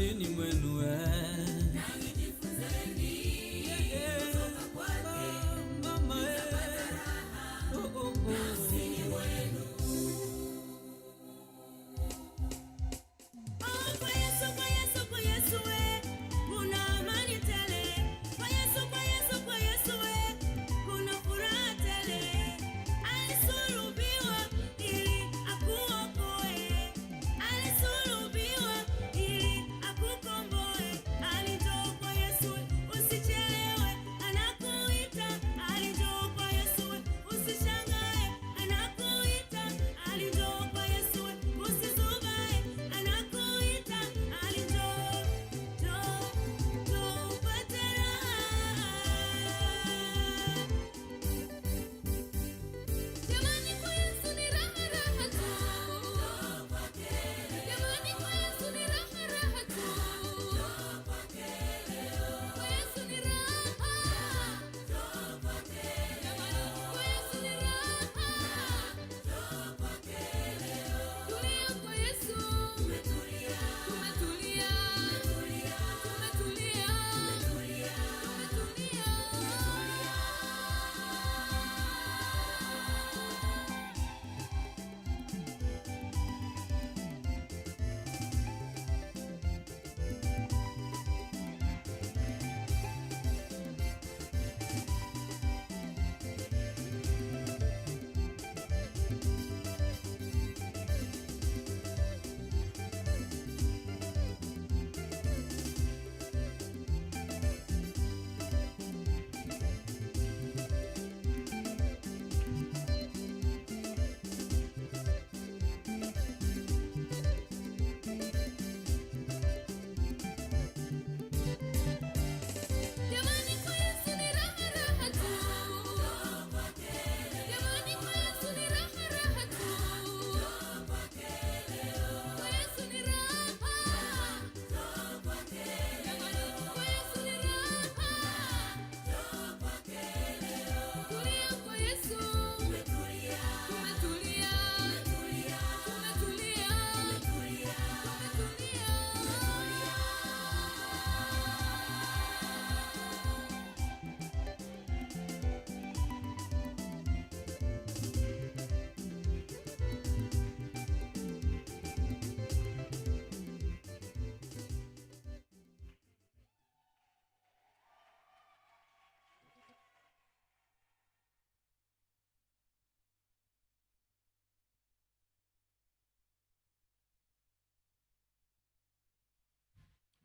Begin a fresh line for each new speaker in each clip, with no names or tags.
ofisini mwenu eh.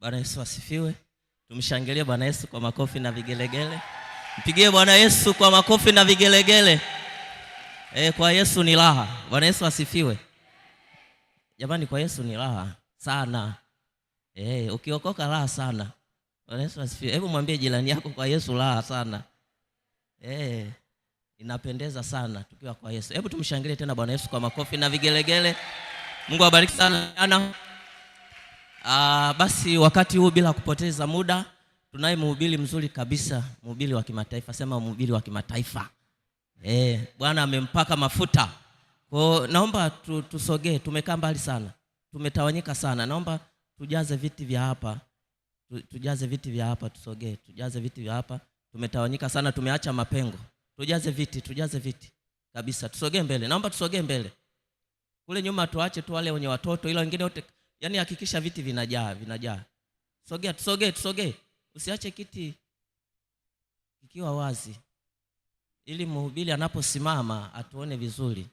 Bwana Yesu asifiwe. Tumshangilie Bwana Yesu kwa makofi na vigelegele. Mpigie Bwana Yesu kwa makofi na vigelegele. E, kwa Yesu ni raha. Bwana Yesu asifiwe. Jamani, kwa Yesu ni raha sana. E, ukiokoka raha sana. Bwana Yesu asifiwe. Hebu mwambie jirani yako kwa Yesu raha sana. E, inapendeza sana tukiwa kwa Yesu. Hebu tumshangilie tena Bwana Yesu kwa makofi na vigelegele. Mungu awabariki sana. Uh, basi wakati huu bila kupoteza muda tunaye mhubiri mzuri kabisa, mhubiri wa kimataifa. Sema mhubiri wa kimataifa. Eh, Bwana amempaka mafuta. Kwa naomba tu, tusogee, tumekaa mbali sana, tumetawanyika sana. Naomba tujaze viti vya hapa tu, tujaze viti vya hapa, tusogee, tujaze viti vya hapa. Tumetawanyika sana, tumeacha mapengo. Tujaze viti, tujaze viti kabisa, tusogee mbele. Naomba tusogee mbele, kule nyuma tuache tu wale wenye watoto, ila wengine wote Yaani hakikisha viti vinajaa, vinajaa. Sogea, tusogee, tusogee. Usiache kiti kikiwa wazi ili mhubiri anaposimama atuone vizuri.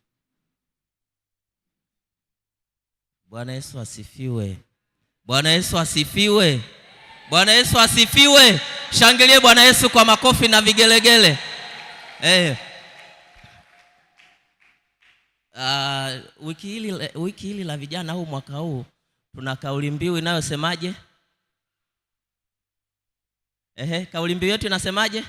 Bwana Yesu asifiwe. Bwana Yesu asifiwe. Bwana Yesu asifiwe. Shangilie Bwana Yesu kwa makofi na vigelegele. Eh. Uh, wiki hili, wiki hili la vijana au mwaka huu tuna kauli mbiu inayosemaje? Ehe, kauli mbiu yetu inasemaje?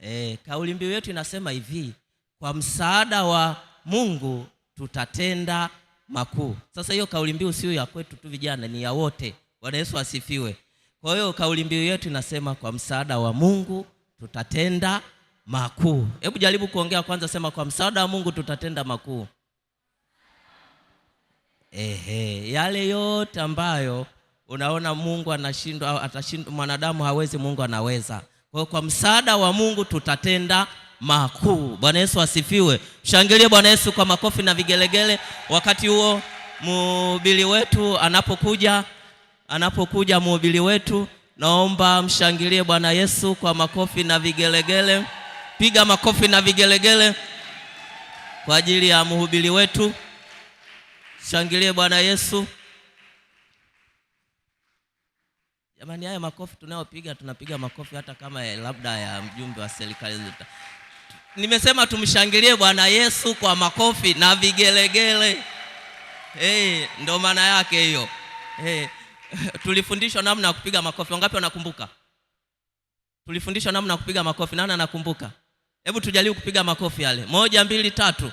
Eh, kauli mbiu yetu inasema hivi, kwa msaada wa Mungu tutatenda makuu. Sasa hiyo kauli mbiu sio ya kwetu tu vijana, ni ya wote. Bwana Yesu asifiwe. Kwa hiyo kauli mbiu yetu inasema kwa msaada wa Mungu tutatenda makuu. Hebu jaribu kuongea kwanza, sema kwa msaada wa Mungu tutatenda makuu. Ehe, yale yote ambayo unaona Mungu anashindwa, atashindwa, mwanadamu hawezi, Mungu anaweza. Kwa hiyo kwa msaada wa Mungu tutatenda makuu. Bwana Yesu asifiwe. shangilie Bwana Yesu kwa makofi na vigelegele. Wakati huo mhubiri wetu anapokuja, anapokuja mhubiri wetu, naomba mshangilie Bwana Yesu kwa makofi na vigelegele. Piga makofi na vigelegele kwa ajili ya mhubiri wetu. Shangilie Bwana Yesu. Jamani, haya makofi tunayopiga tunapiga makofi hata kama ya labda ya mjumbe wa serikali. Nimesema tumshangilie Bwana Yesu kwa makofi na vigelegele. Hey, eh, ndo maana yake hiyo. Hey, eh, tulifundishwa namna ya kupiga makofi. Wangapi wanakumbuka? Tulifundishwa namna ya kupiga makofi. Nani anakumbuka? Hebu tujaribu kupiga makofi yale. Moja, mbili, tatu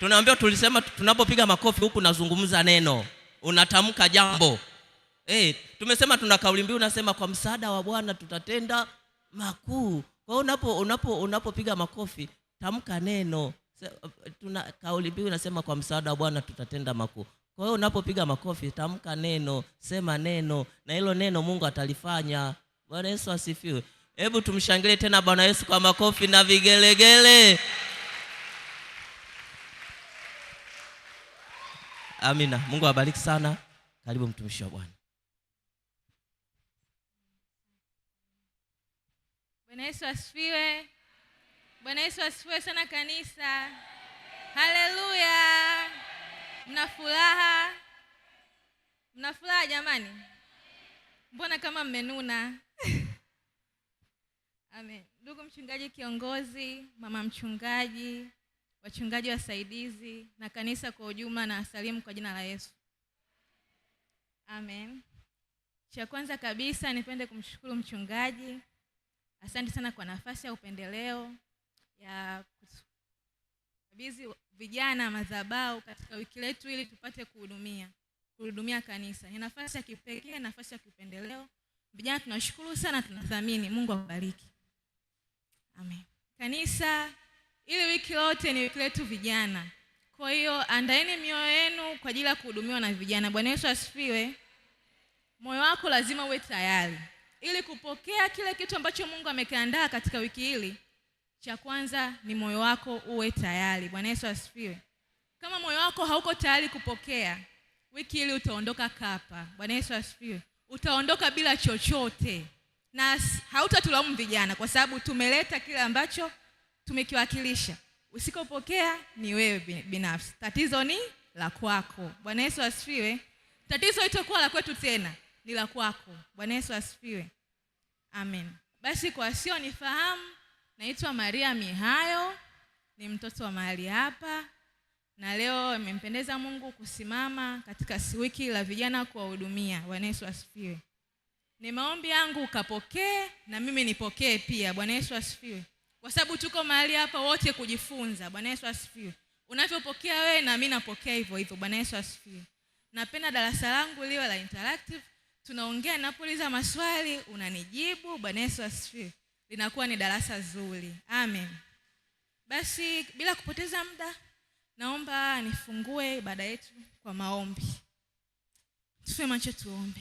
tunaambiwa tulisema, tunapopiga makofi huku nazungumza neno, unatamka jambo hey, eh, tumesema tuna kauli mbiu, unasema kwa msaada wa Bwana tutatenda makuu. Kwa hiyo unapo unapo unapopiga makofi tamka neno. Tuna kauli mbiu unasema kwa msaada wa Bwana tutatenda makuu. Kwa hiyo unapopiga makofi tamka neno, sema neno, na hilo neno Mungu atalifanya. Bwana Yesu asifiwe. Hebu tumshangilie tena Bwana Yesu kwa makofi na vigelegele. Amina. Mungu awabariki sana. Karibu mtumishi wa Bwana.
Bwana Yesu asifiwe. Bwana Yesu asifiwe sana kanisa. Haleluya. Mna furaha? Mna furaha jamani? Mbona kama mmenuna? Amen. Ndugu mchungaji kiongozi, mama mchungaji, wachungaji wasaidizi na kanisa kwa ujumla na asalimu kwa jina la Yesu. Amen. Cha kwanza kabisa nipende kumshukuru mchungaji. Asante sana kwa nafasi ya upendeleo ya kukabidhi vijana madhabau katika wiki letu ili tupate kuhudumia kuhudumia kanisa. Ni nafasi ya kipekee, nafasi ya kiupendeleo. Vijana tunashukuru sana, tunathamini. Mungu akubariki Amen. Kanisa ili wiki lote ni wiki letu vijana, kwa hiyo andaeni mioyo yenu kwa ajili ya kuhudumiwa na vijana. Bwana Yesu asifiwe. Moyo wako lazima uwe tayari ili kupokea kile kitu ambacho Mungu amekiandaa katika wiki hili. Cha kwanza ni moyo wako uwe tayari. Bwana Yesu asifiwe. Kama moyo wako hauko tayari kupokea wiki hili utaondoka kapa. Bwana Yesu asifiwe. Utaondoka bila chochote, na hautatulaumu vijana, kwa sababu tumeleta kile ambacho tumekiwakilisha. Usikopokea ni wewe binafsi, tatizo ni la kwako. Bwana Yesu asifiwe. Tatizo itokuwa la kwetu tena, ni la kwako. Bwana Yesu asifiwe, amen. Basi kwa sio nifahamu, naitwa Maria Mihayo, ni mtoto wa mahali hapa, na leo imempendeza Mungu kusimama katika wiki la vijana kuwahudumia. Bwana Yesu asifiwe. Ni maombi yangu ukapokee na mimi nipokee pia. Bwana Yesu asifiwe kwa sababu tuko mahali hapa wote kujifunza. Bwana Yesu asifiwe. Unavyopokea wewe na mimi napokea hivyo hivyo. Bwana Yesu asifiwe. Napenda darasa langu liwe la interactive, tunaongea, napouliza maswali unanijibu. Bwana Yesu asifiwe, linakuwa ni darasa zuri. Amen. Basi bila kupoteza muda, naomba nifungue ibada yetu kwa maombi. Tufe macho, tuombe.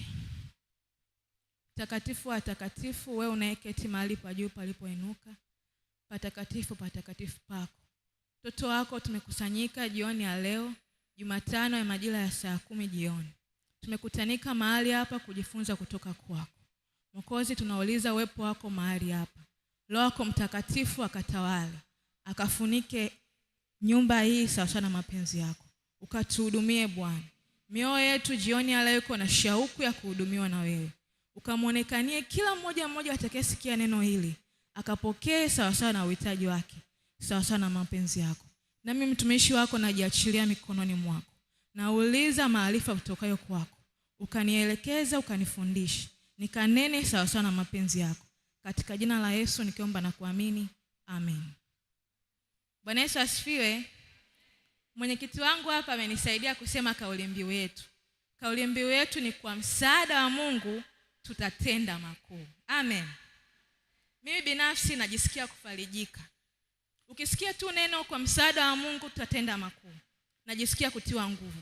Mtakatifu wa watakatifu, wewe unayeketi mahali pa juu palipoinuka patakatifu patakatifu pako. mtoto wako tumekusanyika jioni ya leo Jumatano ya majira ya saa kumi jioni, tumekutanika mahali hapa kujifunza kutoka kwako Mwokozi. Tunauliza uwepo wako mahali hapa, Roho wako Mtakatifu akatawale, akafunike nyumba hii sawasawa na mapenzi yako, ukatuhudumie Bwana. Mioyo yetu jioni ya leo iko na shauku ya kuhudumiwa na wewe, ukamwonekanie kila mmoja mmoja atakayesikia neno hili akapokee sawasawa na uhitaji wake, sawasawa na mapenzi yako. Nami mtumishi wako najiachilia mikononi mwako, nauliza maarifa kutokayo kwako, ukanielekeza, ukanifundisha, nikanene sawasawa na mapenzi yako, katika jina la Yesu nikiomba na kuamini, amen. Bwana Yesu asifiwe. Mwenyekiti wangu hapa amenisaidia kusema kauli mbiu yetu. Kauli mbiu yetu ni kwa msaada wa Mungu tutatenda makuu. Amen. Mimi binafsi najisikia kufarijika. Ukisikia tu neno kwa msaada wa Mungu tutatenda makuu. Najisikia kutiwa nguvu.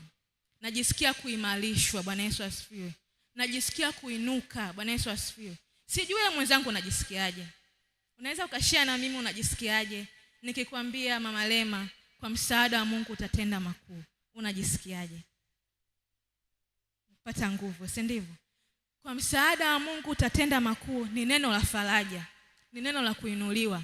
Najisikia kuimarishwa. Bwana Yesu asifiwe. Najisikia kuinuka. Bwana Yesu asifiwe. Sijui wewe mwenzangu unajisikiaje? Unaweza ukashia na mimi unajisikiaje? Nikikwambia Mama Lema, kwa msaada wa Mungu utatenda makuu. Unajisikiaje? Pata nguvu, si ndivyo? Kwa msaada wa Mungu utatenda makuu ni neno la faraja ni neno la kuinuliwa,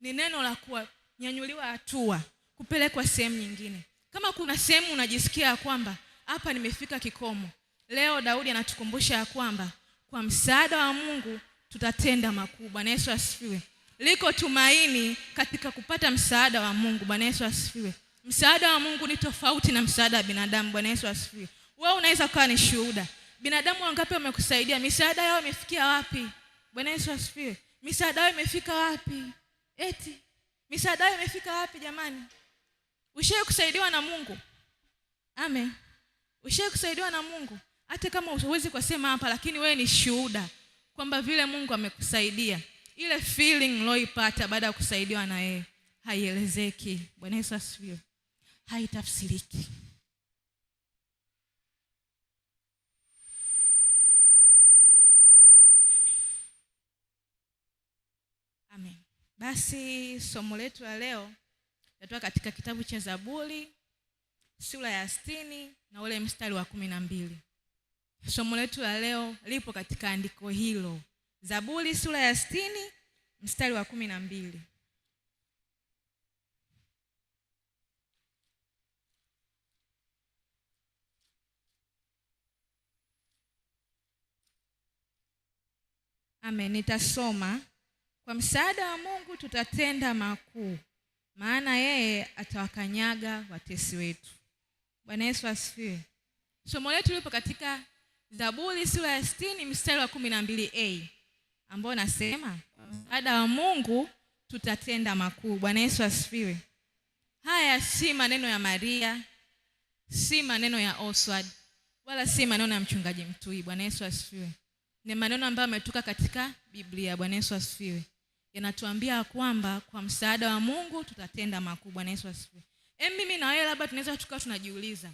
ni neno la kunyanyuliwa hatua, kupelekwa sehemu nyingine. Kama kuna sehemu unajisikia ya kwamba hapa nimefika kikomo, leo Daudi anatukumbusha ya kwamba kwa msaada wa Mungu tutatenda makubwa. Na Yesu asifiwe. Liko tumaini katika kupata msaada wa Mungu. Bwana Yesu asifiwe. Msaada wa Mungu ni tofauti na msaada wa binadamu. Bwana Yesu asifiwe. Wewe unaweza ukawa ni shuhuda. Binadamu wangapi wamekusaidia? Misaada yao imefikia wapi? Bwana Yesu asifiwe. Misaada yao imefika wapi? Eti misaada yao imefika wapi jamani? Ushawahi kusaidiwa na Mungu? Amen. Ushawahi kusaidiwa na Mungu, hata kama huwezi kusema hapa, lakini wewe ni shuhuda kwamba vile Mungu amekusaidia. Ile feeling uliyoipata baada ya kusaidiwa na yeye haielezeki. Bwana Yesu asifiwe, haitafsiriki. Basi somo letu la leo natoka katika kitabu cha Zaburi sura ya stini na ule mstari wa kumi na mbili. Somo letu la leo lipo katika andiko hilo, Zaburi sura ya stini mstari wa kumi na mbili. Amen, nitasoma kwa msaada wa Mungu tutatenda makuu, maana yeye atawakanyaga watesi wetu. Bwana Yesu asifiwe. Somo letu lipo katika Zaburi sura ya 60 mstari wa 12a ambao nasema msaada wa Mungu tutatenda makuu. Bwana Yesu asifiwe. Haya si maneno ya Maria, si maneno ya Oswald, wala si maneno ya mchungaji Mtui. Bwana Yesu asifiwe. Ni maneno ambayo ametoka katika Biblia. Bwana Yesu asifiwe yanatuambia kwamba kwa msaada wa Mungu tutatenda makubwa. Na Yesu asifiwe. Em, mimi na wewe labda tunaweza tukawa tunajiuliza,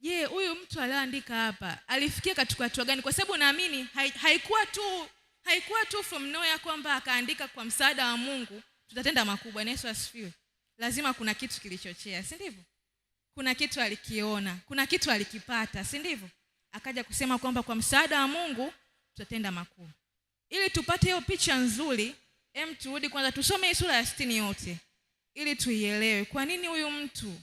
je, huyu mtu aliyeandika hapa alifikia katika hatua gani? Kwa sababu naamini haikuwa tu haikuwa tu from nowhere kwamba akaandika kwa msaada wa Mungu tutatenda makubwa. Na Yesu asifiwe. Lazima kuna kitu kilichochea, si ndivyo? Kuna kitu alikiona, kuna kitu alikipata, si ndivyo? Akaja kusema kwamba kwa msaada wa Mungu tutatenda makubwa. Ili tupate hiyo picha nzuri, hem, turudi kwanza tusome hii sura ya sitini yote ili tuielewe kwa nini huyu mtu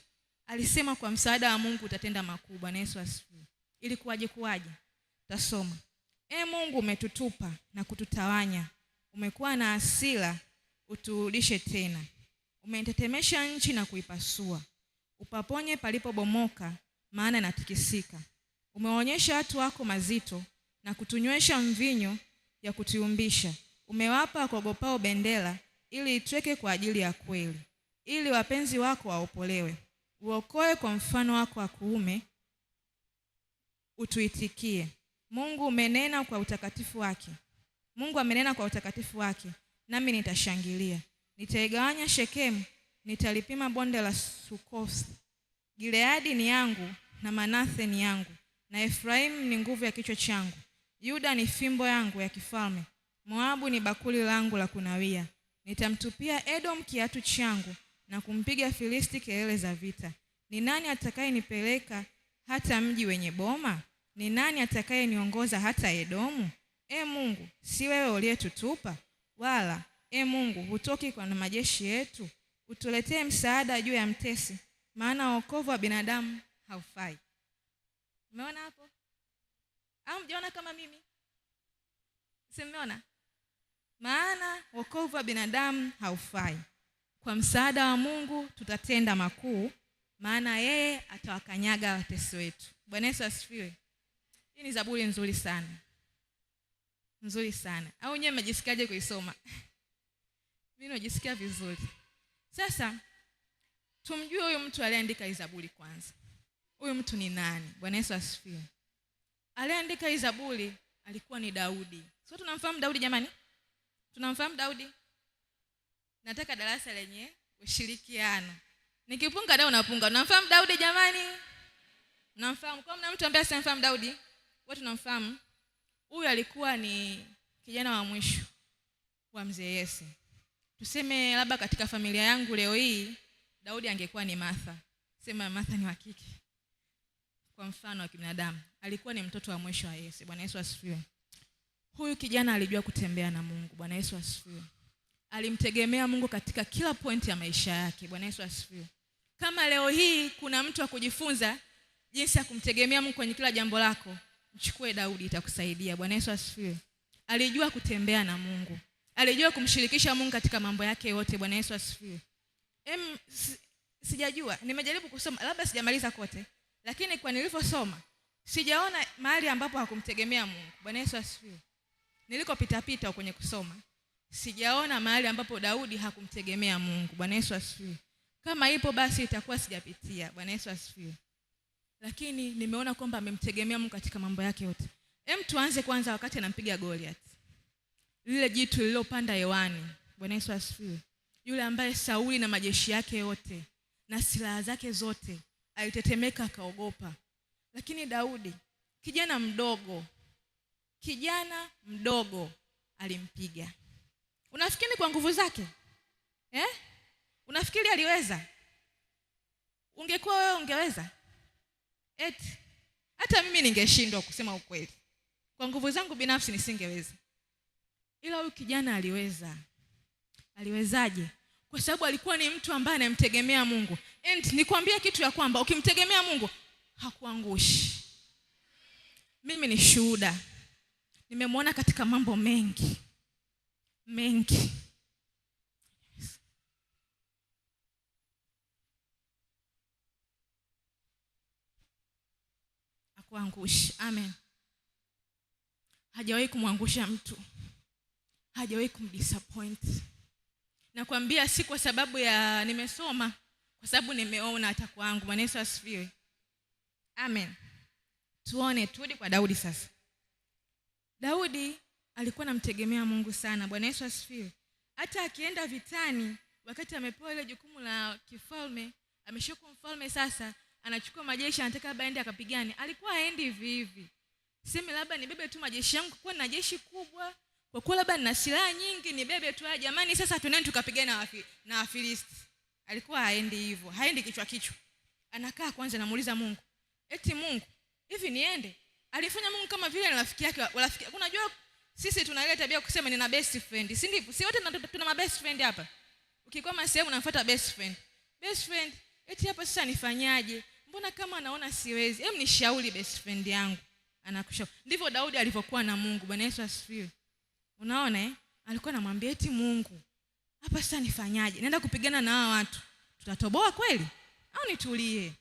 alisema kwa msaada wa Mungu utatenda makubwa. Na Yesu asifiwe. Ili kuwaje kuwaje? Tasoma. E Mungu, umetutupa na kututawanya, umekuwa na asila uturudishe tena. umetetemesha nchi na kuipasua, upaponye palipobomoka, maana natikisika Umewaonyesha watu wako mazito na kutunywesha mvinyo ya kutiumbisha umewapa kuogopao bendera, ili itweke kwa ajili ya kweli, ili wapenzi wako waopolewe. Uokoe kwa mfano wako wa kuume, utuitikie. Mungu umenena kwa utakatifu wake, Mungu amenena kwa utakatifu wake, nami nitashangilia. Nitaigawanya Shekemu, nitalipima bonde la Sukosi. Gileadi ni yangu na Manase ni yangu, na Efraimu ni nguvu ya kichwa changu. Yuda ni fimbo yangu ya kifalme, Moabu ni bakuli langu la kunawia. Nitamtupia Edom kiatu changu na kumpiga Filisti kelele za vita. Ni nani atakayenipeleka hata mji wenye boma? Ni nani atakayeniongoza hata Edomu? E Mungu, si wewe uliyetutupa? Wala e Mungu, hutoki kwa majeshi yetu? Utuletee msaada juu ya mtesi, maana wokovu wa binadamu haufai. Umeona hapo? au mjaona kama mimi simeona? Maana wokovu wa binadamu haufai, kwa msaada wa Mungu tutatenda makuu, maana yeye atawakanyaga watesi wetu. Bwana Yesu asifiwe. Hii ni zaburi nzuri sana, nzuri sana. Au nyewe mmejisikiaje kuisoma? Mimi najisikia vizuri. Sasa tumjue huyu mtu aliyeandika hii zaburi kwanza. Huyu mtu ni nani? Bwana Yesu asifiwe aliyeandika hii Zaburi alikuwa ni Daudi. Sio tunamfahamu Daudi jamani? Tunamfahamu Daudi? Nataka darasa lenye ushirikiano. Nikipunga dau unapunga. Unamfahamu Daudi jamani? Mnamfahamu? Kwa mna mtu ambaye simfahamu Daudi? Wote tunamfahamu. Huyu alikuwa ni kijana wa mwisho wa mzee Yese. Tuseme labda katika familia yangu leo hii Daudi angekuwa ni Martha. Sema Martha ni wakike kwa mfano wa kibinadamu. Alikuwa ni mtoto wa mwisho wa Yesu. Bwana Yesu asifiwe. Huyu kijana alijua kutembea na Mungu. Bwana Yesu asifiwe. Alimtegemea Mungu katika kila pointi ya maisha yake. Bwana Yesu asifiwe. Kama leo hii kuna mtu wa kujifunza jinsi ya kumtegemea Mungu kwenye kila jambo lako, mchukue Daudi, itakusaidia. Bwana Yesu asifiwe. Alijua kutembea na Mungu, alijua kumshirikisha Mungu katika mambo yake yote. Bwana Yesu asifiwe. Em, sijajua, nimejaribu kusoma, labda sijamaliza kote lakini kwa nilivyosoma sijaona mahali ambapo hakumtegemea Mungu. Bwana Yesu asifiwe. Nilikopitapita kwenye kusoma sijaona mahali ambapo Daudi hakumtegemea Mungu. Bwana Yesu asifiwe. Kama ipo basi itakuwa sijapitia. Bwana Yesu asifiwe. Lakini nimeona kwamba amemtegemea Mungu katika mambo yake yote. Hem, tuanze kwanza wakati anampiga Goliath, lile jitu lililopanda hewani. Bwana Yesu asifiwe. Yule ambaye Sauli na majeshi yake yote na silaha zake zote alitetemeka akaogopa. Lakini Daudi kijana mdogo, kijana mdogo alimpiga. Unafikiri kwa nguvu zake eh? Unafikiri aliweza? Ungekuwa wewe ungeweza? Eti hata mimi ningeshindwa, kusema ukweli, kwa nguvu zangu binafsi nisingeweza, ila huyu kijana aliweza. Aliwezaje? kwa sababu alikuwa ni mtu ambaye anamtegemea Mungu. And nikwambia kitu ya kwamba ukimtegemea Mungu hakuangushi. Mimi ni shuhuda, nimemwona katika mambo mengi mengi. Hakuangushi. Amen. Hajawahi kumwangusha mtu, hajawahi kumdisappoint. Nakwambia si kwa sababu ya nimesoma, kwa sababu nimeona hata kwangu. Bwana Yesu asifiwe. Amen. Tuone, turudi kwa Daudi sasa. Daudi alikuwa anamtegemea Mungu sana. Bwana Yesu asifiwe. Hata akienda vitani, wakati amepewa ile jukumu la kifalme, ameshakuwa mfalme sasa, anachukua majeshi, anataka labda aende akapigane, alikuwa aendi hivi hivi, sema labda nibebe tu majeshi yangu, kwa na jeshi kubwa kwa kuwa labda na silaha nyingi nibebe tu, ah, jamani, sasa tunaenda tukapigana wapi na Wafilisti. Alikuwa haendi hivyo, haendi kichwa kichwa, anakaa kwanza, namuuliza Mungu, eti Mungu, hivi niende? Alifanya Mungu kama vile rafiki yake. Rafiki, unajua sisi tuna ile tabia kusema nina best friend, si ndivyo? Si wote tuna ma best friend hapa. Ukikwama sehemu unafuata best friend, best friend, eti hapa sasa nifanyaje? Mbona kama anaona siwezi, hem, nishauri best friend yangu, anakushauri. Ndivyo Daudi alivyokuwa na Mungu. Bwana Yesu asifiwe. Unaona eh? Alikuwa anamwambia eti Mungu, hapa sasa nifanyaje? Naenda kupigana na hawa watu, tutatoboa kweli au nitulie?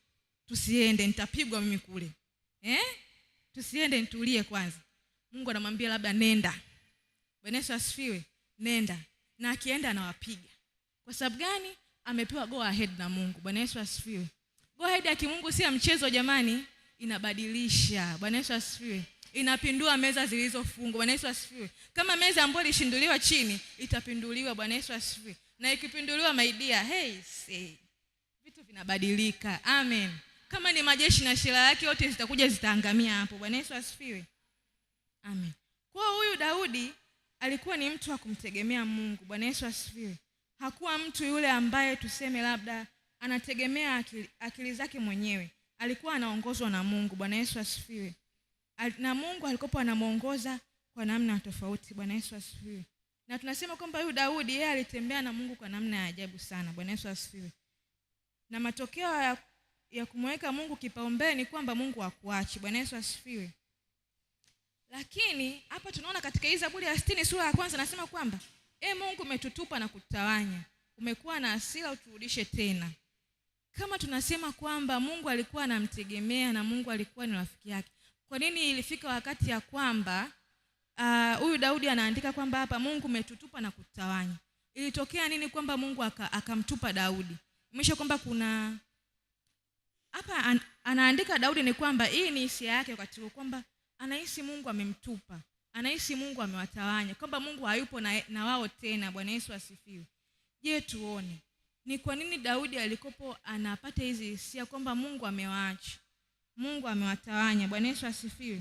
Tusiende, nitapigwa mimi kule eh? Tusiende, nitulie kwanza. Mungu anamwambia labda nenda. Bwana asifiwe, nenda. Na akienda anawapiga. Kwa sababu gani? Amepewa go ahead na Mungu. Bwana Yesu asifiwe. Go ahead ya kimungu si ya mchezo jamani, inabadilisha. Bwana Yesu asifiwe inapindua meza zilizofungwa. Bwana Yesu asifiwe. Kama meza ambayo ilishinduliwa chini itapinduliwa. Bwana Yesu asifiwe. Na ikipinduliwa maidia, hey, say. Vitu vinabadilika. Amen. Kama ni majeshi na silaha yake yote zitakuja zitaangamia hapo. Bwana Yesu asifiwe. Amen. Kwa huyu Daudi alikuwa ni mtu wa kumtegemea Mungu. Bwana Yesu asifiwe. Hakuwa mtu yule ambaye tuseme labda anategemea akili, akili zake mwenyewe. Alikuwa anaongozwa na Mungu. Bwana Yesu asifiwe na Mungu alikopo anamwongoza kwa namna tofauti. Bwana Yesu asifiwe. Na tunasema kwamba huyu Daudi yeye alitembea na Mungu kwa namna ya ajabu sana. Bwana Yesu asifiwe. Na matokeo ya, ya kumweka Mungu kipaumbele ni kwamba Mungu hakuachi. Bwana Yesu asifiwe. Lakini hapa tunaona katika hii Zaburi ya sitini sura ya kwanza nasema kwamba e Mungu umetutupa na kutawanya, umekuwa na asira uturudishe tena. Kama tunasema kwamba Mungu alikuwa anamtegemea na Mungu alikuwa ni rafiki yake, kwa nini ilifika wakati ya kwamba ah, huyu uh, Daudi anaandika kwamba hapa Mungu umetutupa na kutawanya. Ilitokea nini kwamba Mungu akamtupa aka Daudi? Mwisho kwamba kuna hapa an, anaandika Daudi ni kwamba hii ni hisia yake wakati huo kwamba anahisi Mungu amemtupa, anahisi Mungu amewatawanya, kwamba Mungu hayupo na, na wao tena. Bwana Yesu asifiwe. Je, tuone ni kwa nini Daudi alikopo anapata hizi hisia kwamba Mungu amewaacha? Mungu amewatawanya. Bwana Yesu asifiwe.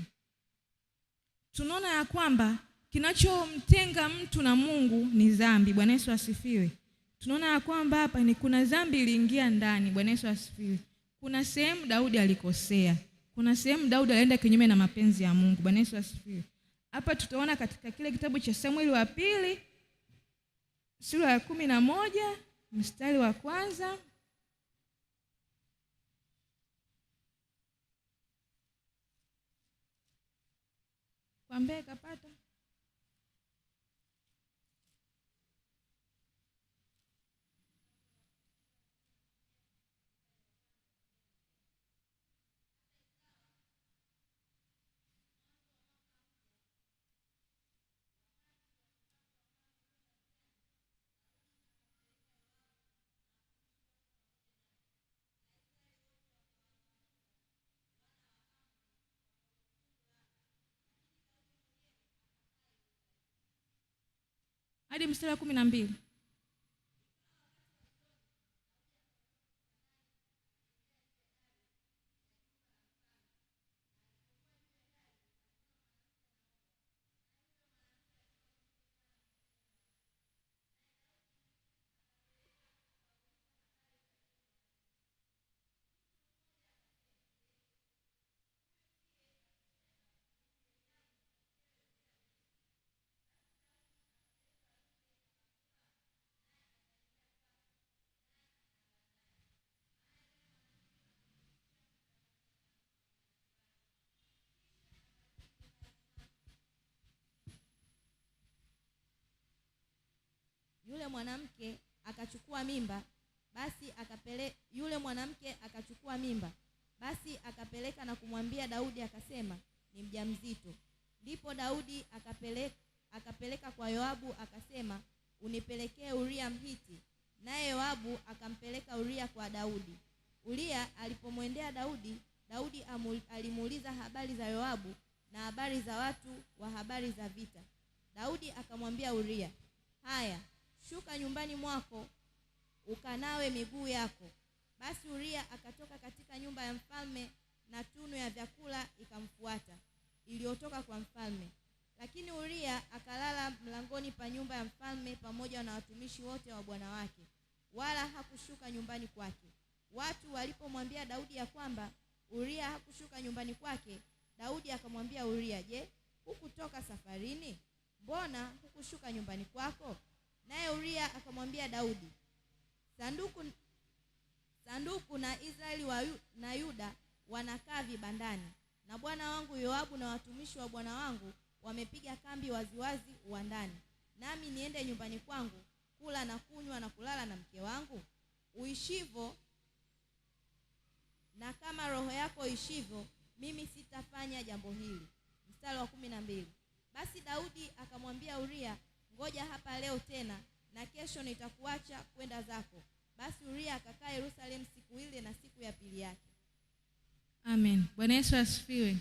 Tunaona ya kwamba kinachomtenga mtu na Mungu ni dhambi. Bwana Yesu asifiwe. Tunaona ya kwamba hapa ni kuna dhambi iliingia ndani. Bwana Yesu asifiwe. Kuna sehemu Daudi alikosea, kuna sehemu Daudi alienda kinyume na mapenzi ya Mungu. Bwana Yesu asifiwe. Hapa tutaona katika kile kitabu cha Samueli wa pili sura ya kumi na moja mstari wa kwanza Kwa Mbeya kapata hadi mstari wa kumi na mbili.
Yule mwanamke akachukua mimba, basi akapele, yule mwanamke akachukua mimba, basi akapeleka na kumwambia Daudi, akasema ni mjamzito. Ndipo Daudi akapeleka, akapeleka kwa Yoabu akasema, unipelekee Uria Mhiti. Naye Yoabu akampeleka Uria kwa Daudi. Uria alipomwendea Daudi, Daudi alimuuliza habari za Yoabu na habari za watu wa habari za vita. Daudi akamwambia Uria, haya shuka nyumbani mwako ukanawe miguu yako. Basi Uria akatoka katika nyumba ya mfalme na tunu ya vyakula ikamfuata iliyotoka kwa mfalme. Lakini Uria akalala mlangoni pa nyumba ya mfalme pamoja na watumishi wote wa bwana wake, wala hakushuka nyumbani kwake. Watu walipomwambia Daudi ya kwamba Uria hakushuka nyumbani kwake, Daudi akamwambia Uria, je, hukutoka safarini? Mbona hukushuka nyumbani kwako? Naye Uria akamwambia Daudi, sanduku, sanduku na Israeli wa, na Yuda wanakaa vibandani, na bwana wangu Yoabu na watumishi wa bwana wangu wamepiga kambi waziwazi uwandani, nami niende nyumbani kwangu kula na kunywa na kulala na mke wangu uishivyo na kama roho yako ishivyo, mimi sitafanya jambo hili. Mstari wa kumi na mbili. Basi Daudi akamwambia Uria, ngoja hapa leo tena, na kesho nitakuacha kwenda zako. Basi Uria akakaa Yerusalemu siku ile na siku ya pili yake.
Amen. Bwana Yesu asifiwe.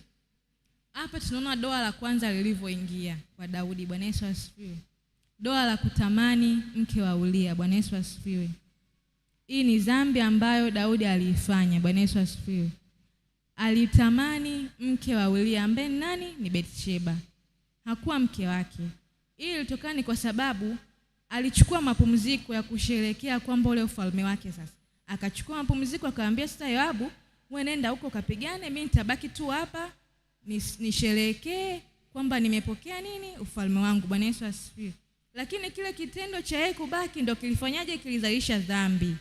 Hapa tunaona doa la kwanza lilivyoingia kwa Daudi. Bwana Yesu asifiwe. Doa la kutamani mke wa Uria. Bwana Yesu asifiwe. Hii ni dhambi ambayo Daudi aliifanya. Bwana Yesu asifiwe. Alitamani mke wa Uria ambaye nani? Ni Betsheba. Hakuwa mke wake. Hii ilitokana ni kwa sababu alichukua mapumziko ya kusherekea kwamba ule ufalme wake sasa. Akachukua mapumziko akamwambia sasa Yoabu, wewe nenda huko kapigane, mimi nitabaki tu hapa nisherekee kwamba nimepokea nini ufalme wangu. Bwana Yesu asifiwe. Lakini kile kitendo cha yeye kubaki ndo kilifanyaje? Kilizalisha dhambi.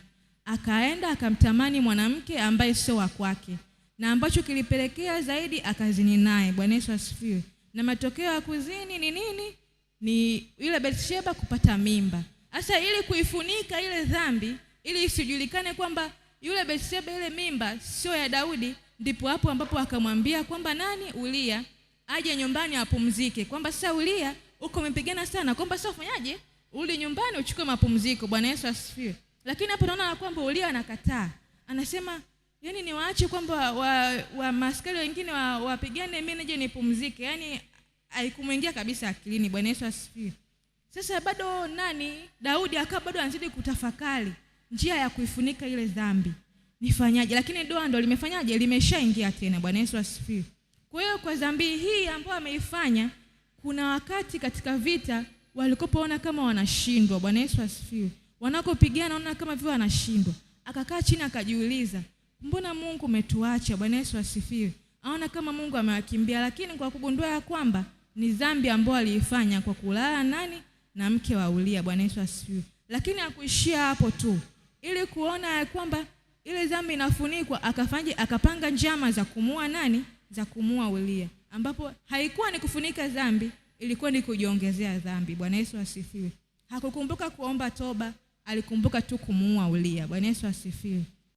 Akaenda akamtamani mwanamke ambaye sio wa kwake, na ambacho kilipelekea zaidi akazini naye. Bwana Yesu asifiwe. Na matokeo ya kuzini ni nini? ni ile Bathsheba kupata mimba. Sasa ili kuifunika ile dhambi, ili isijulikane kwamba yule Bathsheba ile mimba sio ya Daudi, ndipo hapo ambapo akamwambia kwamba nani Ulia aje nyumbani apumzike, kwamba sasa Ulia uko umepigana sana, kwamba sasa ufanyaje, uli nyumbani uchukue mapumziko. Bwana Yesu asifiwe. Lakini hapo naona kwamba Ulia anakataa, anasema yani, niwaache kwamba wa, wa maskari wengine wapigane, mimi nije nipumzike, Yani haikumwingia kabisa akilini. Bwana Yesu asifiwe. Sasa bado nani, Daudi akawa bado anazidi kutafakari njia ya kuifunika ile dhambi, nifanyaje? Lakini doa ndo limefanyaje, limeshaingia tena. Bwana Yesu asifiwe. Kwa hiyo kwa dhambi hii ambayo ameifanya, kuna wakati katika vita walikopoona kama wanashindwa. Bwana Yesu asifiwe, wanakopigana wanaona kama vile wanashindwa, akakaa chini akajiuliza, mbona Mungu umetuacha? Bwana Yesu asifiwe. Aona kama Mungu amewakimbia, lakini kwa kugundua ya kwamba ni dhambi ambayo aliifanya kwa kulala nani na mke wa ulia Bwana Yesu asifiwe. Lakini hakuishia hapo tu, ili kuona ya kwamba ile dhambi inafunikwa, akafanye akapanga njama za kumua nani, za kumua ulia ambapo haikuwa ni kufunika dhambi, ilikuwa ni kujiongezea dhambi. Bwana Yesu asifiwe. Hakukumbuka kuomba toba, alikumbuka tu kumuua ulia Bwana Yesu asifiwe.